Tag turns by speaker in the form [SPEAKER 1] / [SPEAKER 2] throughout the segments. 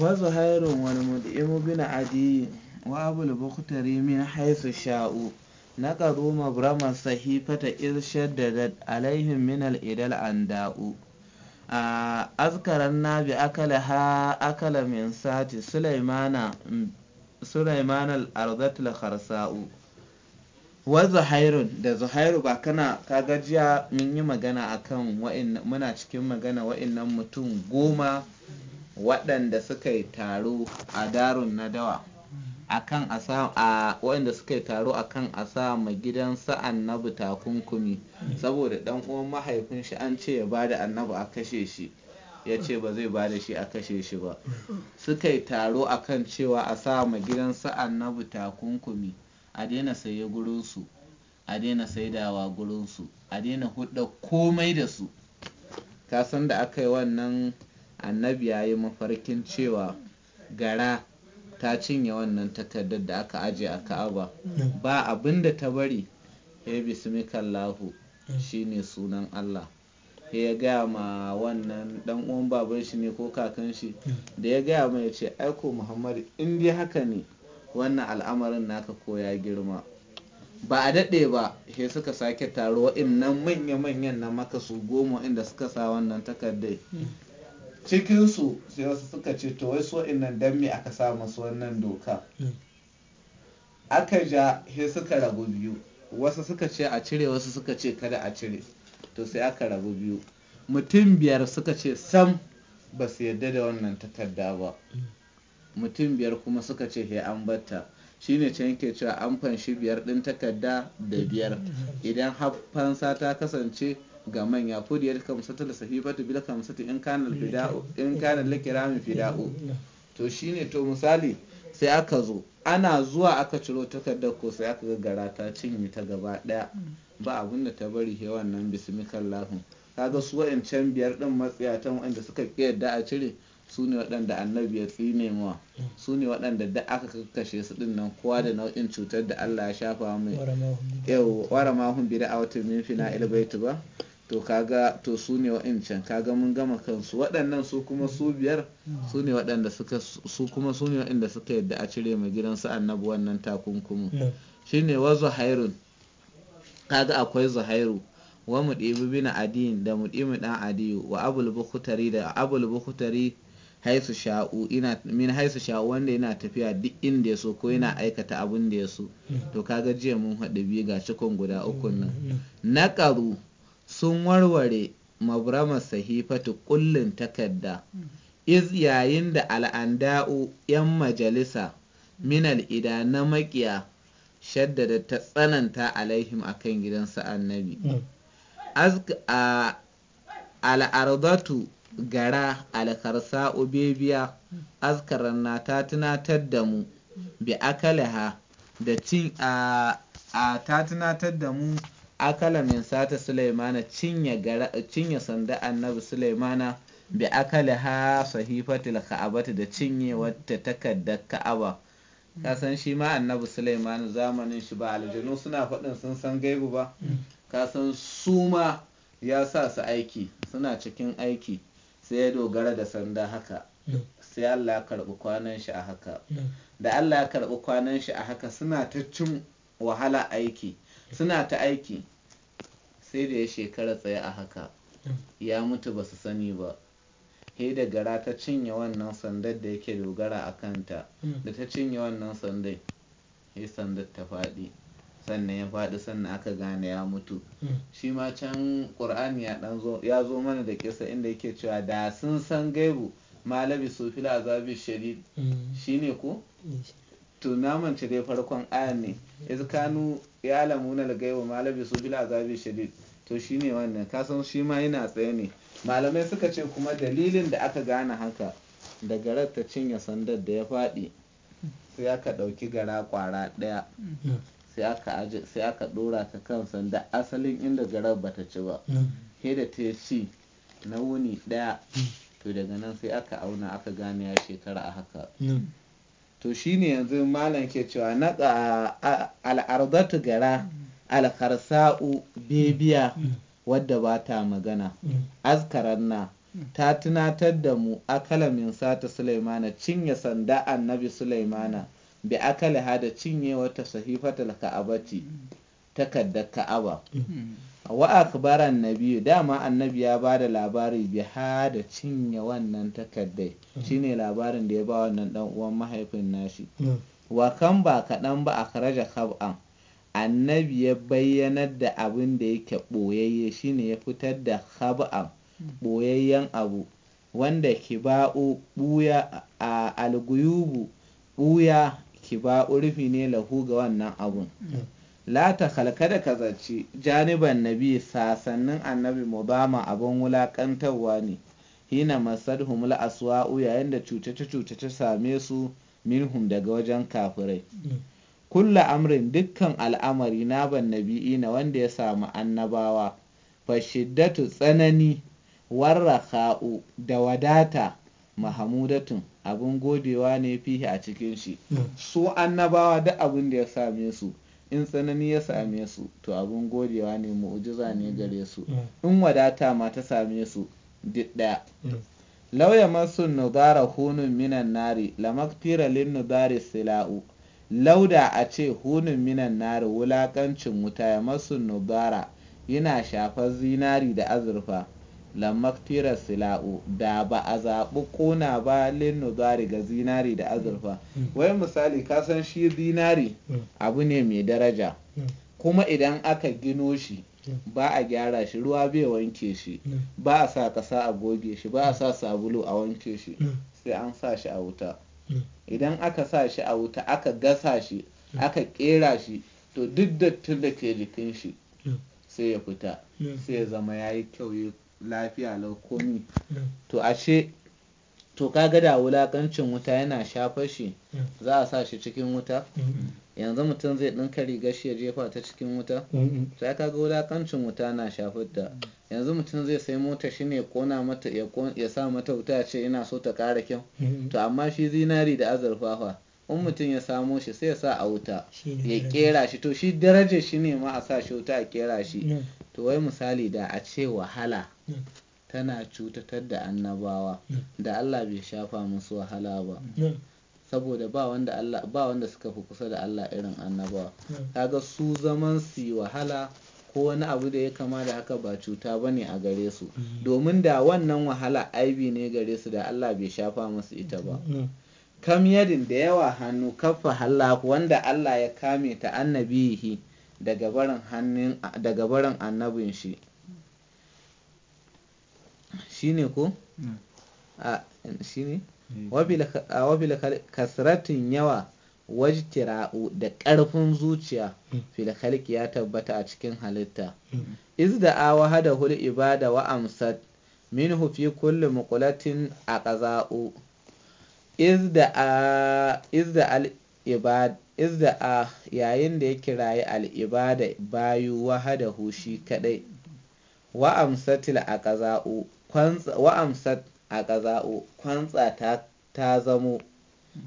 [SPEAKER 1] wazuhairun wani mudimu bin adiyi wa abu lubukutari min haisu sha'u na karu mabraman sahifata irshad da dad alaihim min an da'u a azkaran nabi akala ha akala min sati sulaimana sulaimana al'arzat lakarsa'u wazuhairun da zuhairu ba kana ka gajiya min yi magana a kan muna cikin magana wa'in nan mutum goma waɗanda suka yi taro a darun nadawa akan a waɗanda suka yi taro akan asa ma gidan sa annabi takunkumi saboda ɗan uwan mahaifin shi an ce ya bada annabi a kashe shi ya ce ba zai bada shi a kashe shi ba suka yi taro akan cewa a sa ma gidan sa annabi takunkumi a daina saye gurinsu a daina saidawa gurinsu a daina hudda komai da su kasan da aka yi wannan annabi ya yi mafarkin cewa gara ta cinye wannan takardar da aka aje a ka'aba ba abin da ta bari ya bismikallahu ne sunan Allah ya gaya ma wannan dan uwan baban shi ne ko kakan shi da ya gaya mai ce aiko muhammadu in dai haka ne wannan al'amarin naka ko ya girma ba a daɗe ba he suka sake taro nan manya-manyan na maka su goma inda suka sa wannan takardai cikinsu sai wasu suka ce to wai so inan dan me aka sa masu wannan doka aka ja he suka rabu biyu wasu suka ce a cire wasu suka ce kada a cire to sai aka rabu biyu mutum biyar suka ce sam ba su yarda da wannan takarda ba mutum biyar kuma suka ce he an batta shine can yake cewa an fanshi biyar ɗin takarda da biyar idan haffansa ta kasance ga manya da ya kamsata da sahifatu bila kamsata in kana fida'u in kana likirami fida'u to shine to misali sai aka zo ana zuwa aka ciro takardar ko sai aka gara ta cinye ta gaba daya ba abin da ta bari he wannan bismikallahun kaga su wa'ancan biyar din matsiyatan waɗanda suka yarda a cire su ne waɗanda annabi ya tsine mawa su ne waɗanda da aka kakkashe su ɗin nan kowa da nau'in cutar da Allah ya shafa mai yau wara mahun bi wata min fina ilbaitu ba to kaga to su ne wa'incan kaga mun gama kansu waɗannan su kuma su biyar su ne waɗanda suka su kuma su ne waɗanda suka yadda a cire ma gidansu annabi wannan takunkumin shine wa zuhairun kaga akwai zuhairu wa mudibu bin adiyin da mudimu ɗan adiyu wa abul da abul bukhtari haisu sha'u min haisu sha'u wanda yana tafiya duk inda ya so ko yana mm. aikata abin da ya so mm. to kaga jiya mun haɗu biyu ga cikon guda uku nan mm, naƙaru sun warware mabrama sahifatu kullum takarda iz yayin da al'anda'u 'yan majalisa minal ida na maƙiya shaddada ta tsananta alaihim akan gidansa annabi al'ardatu gara alkarsa ubebiya azkaran na ta tunatar da mu bi akalaha da cin a ta tunatar da mu akala min sata sulaimana cinye sanda annabi sulaimana bi akalaha sahifatul ka'abati da cinye wata takadda ka'aba san shi ma annabi sulaimana zamanin shi ba aljanu suna faɗin sun san gaibu ba
[SPEAKER 2] mm.
[SPEAKER 1] san su ma ya sa su aiki suna cikin aiki sai ya dogara da sanda haka sai Allah ya karɓi kwanan shi a haka da Allah ya karɓi kwanan shi a haka suna ta cin wahala aiki suna ta aiki sai da ya shekara tsaye a haka ya mutu ba su sani ba he da gara ta cinye wannan sandar da yake dogara a kanta da ta cinye wannan sandai he sandar ta faɗi sannan ya faɗi sannan aka gane ya mutu hmm. shi ma can ƙur'ani ya zo ya zo mana da kisa inda yake cewa da sun san gaibu malabi su fila azabi shadid hmm. shi ne ko hmm. tunaman dai farkon ayan ne iz kanu ya lamuna da gaibu malabi su fila azabi shari to shi ne wannan kasan shi ma yana tsaye ne malamai suka ce kuma dalilin da aka gane haka da garar ta cinye sandar da ya faɗi sai aka ɗauki gara ƙwara ɗaya sai aka ɗora dora ta kan sanda asalin inda garar bata ci ba sai mm. da ta ci na wuni daya to daga nan sai aka auna aka gane ya shekara a haka mm. to shine yanzu malam ke cewa naƙa ta gara alkarsa'u bebiya mm. wadda ba ta magana na ta tunatar da mu a akalamin sata sulaimana cinye sanda annabi sulaimana bi akalaha da cinyewa ta sahifatal ka'abati takadda ka'aba wa akbaran Nabiyu. dama annabi ya ba da labari bi ha cinye wannan takaddai shine labarin da ya ba wannan dan uwan mahaifin nashi wa kan ba kaɗan ba a karaja kab'an annabi ya bayyanar da abin da yake ɓoyayye shine ya fitar da kab'an ɓoyayyen abu wanda kiba'u ɓuya a alguyubu ɓuya Ki kiba urfi ne lahu ga wannan abun mm. la ta da ka zarci janiban nabi sasannin annabi ma abin wulakantarwa ne hina humul aswa'u yayin da cuce-cuce ta same su minhum daga wajen kafirai mm. kulla amrin dukkan al'amari na ban nabi'i na wanda ya samu annabawa fashiddatu tsanani warraka'u da wadata mahamudatun abin godewa ne fihi a cikin shi hmm. su annabawa duk abin da ya same su in tsanani ya same su to abin godewa ne mu'ujiza ne gare su hmm. in wadata ma ta same su duk lauya hmm. masu nudara hunun minan nari lamakfira lin nudari sila'u lauda a ce hunun minan nari wulakancin wuta ya masu nudara yana shafar zinari da azurfa lamaktira sila'u da ba a zaɓi ƙona ba linnu zari ga zinari da azurfa mm. wai misali ka san shi zinari mm. abu ne mai daraja mm. kuma idan aka gino shi ba a gyara shi ruwa bai wanke shi ba a sa ƙasa a goge shi ba a sa sabulu a wanke shi sai an sa shi a wuta idan aka sa shi a wuta aka gasa shi aka ƙera shi to duk dattin da ke jikin shi sai ya fita sai ya zama ya yi kyau lafiya lau komi to ashe to kaga da wulakancin wuta yana shafar shi za a sa shi cikin wuta yanzu mutum zai ɗinka rigar shi ya jefa ta cikin wuta sai kaga wulakancin wuta na shafar da mm. yanzu mutum zai sai mota shi ne kona mata ya sa mata wuta ce ina so ta ƙara kyau to amma shi zinari da azurfafa in mutum ya samo shi sai ya sa a wuta ya kera shi to shi darajar shi ne ma a sa shi wuta a kera shi to wai misali da a ce wahala tana cutatar da annabawa da Allah bai shafa musu wahala ba saboda ba wanda suka fi kusa da Allah irin annabawa kaga su zaman su yi wahala ko wani abu da ya kama da haka ba cuta ba ne a gare su domin da wannan wahala aibi ne gare su da Allah bai shafa musu ita ba kam yadin da yawa hannu kafa hallaku wanda Allah ya kame ta annabihi daga barin annabin shi shine ko hmm. a shine eh, wabila kasratin yawa wajtira'u da karfin zuciya hmm. fil khalqi ya tabbata a cikin halitta hmm. izda da awa hada hul ibada wa amsat minhu fi kulli muqlatin aqza'u iz a iz al ibad izda da a yayin da ya kirayi al ibada bayu hu shi kadai wa amsatil aqza'u wa'amsat a ƙaza'u kwantsa ta, ta zamo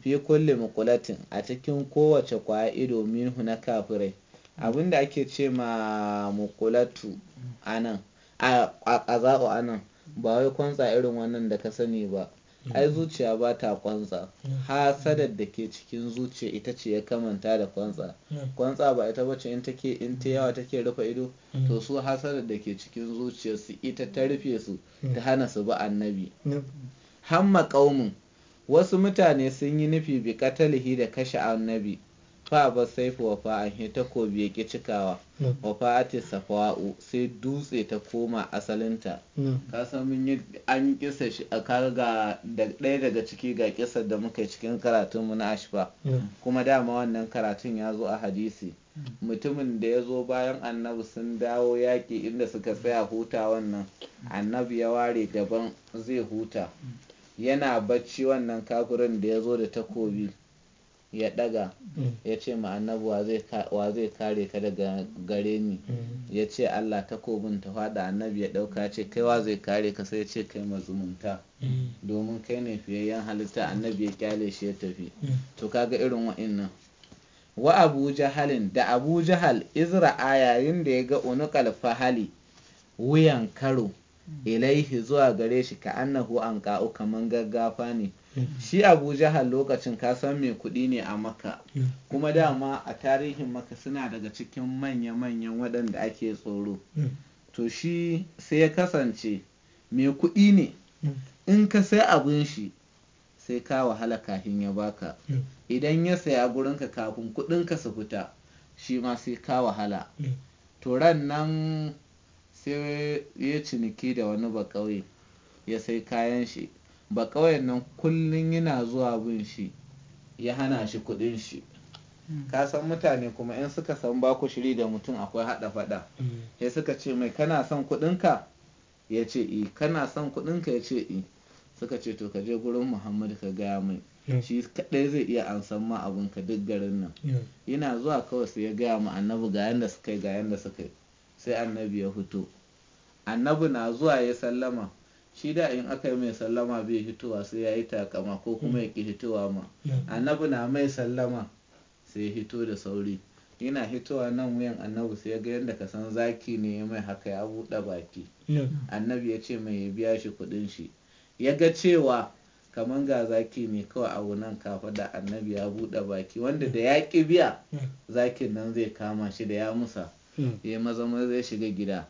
[SPEAKER 1] fi kulle mukulatin a cikin kowace kwaya ido minhu na kafirai abinda ake ce ma mukulatu anan a ƙaza'u anan ba wai kwantsa irin wannan da ka sani ba ai zuciya ba ta kwanza hasadar da ke cikin zuciya ita ce ya kamanta da kwanza kwanza ba ita bace in take in ta yawa take rufe ido to su hasadar da ke cikin zuciya su ita ta rufe su ta hana su ba annabi hamma kaumun wasu mutane sun yi nufi bi katalihi da kashe annabi fa ba saifu wa fa'an takobi ya ƙi cikawa a ce safa'u sai dutse ta koma asalinta ka san mun yi an kisa shi a karga da ɗaya daga ciki ga kisar da muka cikin karatun mu na ashfa kuma dama wannan karatun ya zo a hadisi mm. mutumin da ya zo bayan annabi sun dawo yaƙi inda suka tsaya huta wannan annabi ya ware daban zai huta mm. yana bacci wannan kagurin da ya zo da takobi ya daga mm. ya ce ma annabi wa zai kare ka daga gare ni mm. ya ce Allah takobin ta fada annabi ya dauka ce kai wa zai kare ka sai ya ce kai mazumunta mm. domin kai ne fiyayyen halitta annabi ya kyale shi ya tafi to kaga irin wa'annan wa abu jahalin da abu jahal izra'a yayin da ya ga unukal fahali wuyan karo ilaihi zuwa gare shi ka annahu an ka'u kaman gaggafa ne hmm. shi abu jahal lokacin san mai kuɗi ne a Makka. Hmm. kuma dama a tarihin maka suna daga cikin manya-manyan waɗanda ake tsoro hmm. to shi sai ya kasance mai kuɗi ne in ka sai abin shi sai ka wahala kafin ya baka idan ya saya gurinka kafin ka su fita shi ma sai ka wahala to ran nan sai ya ciniki da wani bakawai ya sai kayan shi bakauyen nan kullum yana zuwa bin shi ya hana shi kudin shi hmm. ka san mutane kuma in suka san baku shiri da mutum akwai hada fada ya hmm. suka ce mai kana son kudinka ya ce i eh, kana son kudinka ya ce i eh. suka ce to ka je gurin muhammadu ka gaya mai hmm. shi kadai zai iya an san ma abinka ka duk garin nan yana zuwa kawai sai ya gaya mu annabi ga yanda suka yi ga yanda suka yi sai annabi ya fito annabi na zuwa ya sallama shi da in aka yi mai sallama bai hitowa sai ya yi takama ko kuma ya ki hitowa ma annabi na mai sallama sai ya hito da sauri Ina hitowa nan wuyan annabi sai ya ga yadda ka san zaki ne ya mai haka ya buɗe baki annabi ya ce mai ya biya shi kuɗin shi ya ga cewa kamar ga zaki ne kawai abu nan kafa da annabi ya buɗe baki wanda da ya ƙi biya zakin nan zai kama shi da ya musa Mm. ya maza maza ya shiga gida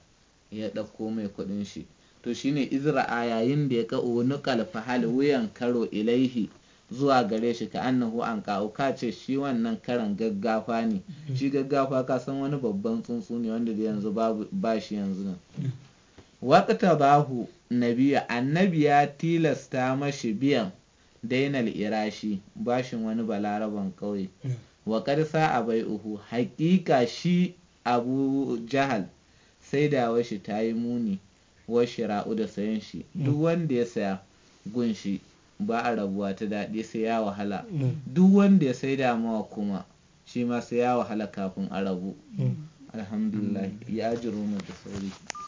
[SPEAKER 1] ya ɗauko mai kuɗin shi to shine izra'a yayin da ya ka kalfa fahal wuyan karo ilaihi zuwa gare shi ka annahu an kawo ka ce shi wannan karan gaggafa ne mm. shi gaggafa ka san wani babban tsuntsu ne wanda da yanzu ba shi yanzu nan mm. waqta bahu nabiya annabi ya tilasta mashi biyan dainal irashi bashin wani balaraban ƙauye wa karsa a bai uhu haƙiƙa shi abu jahal sai da washi ta yi muni washi ra'u da sayan shi mm. duk wanda ya saya gunshi ba a rabuwa ta daɗi sai ya wahala mm. duk wanda ya sai damawa kuma shi ma sai ya wahala kafin a rabu mm. alhamdulillah ya jiro da sauri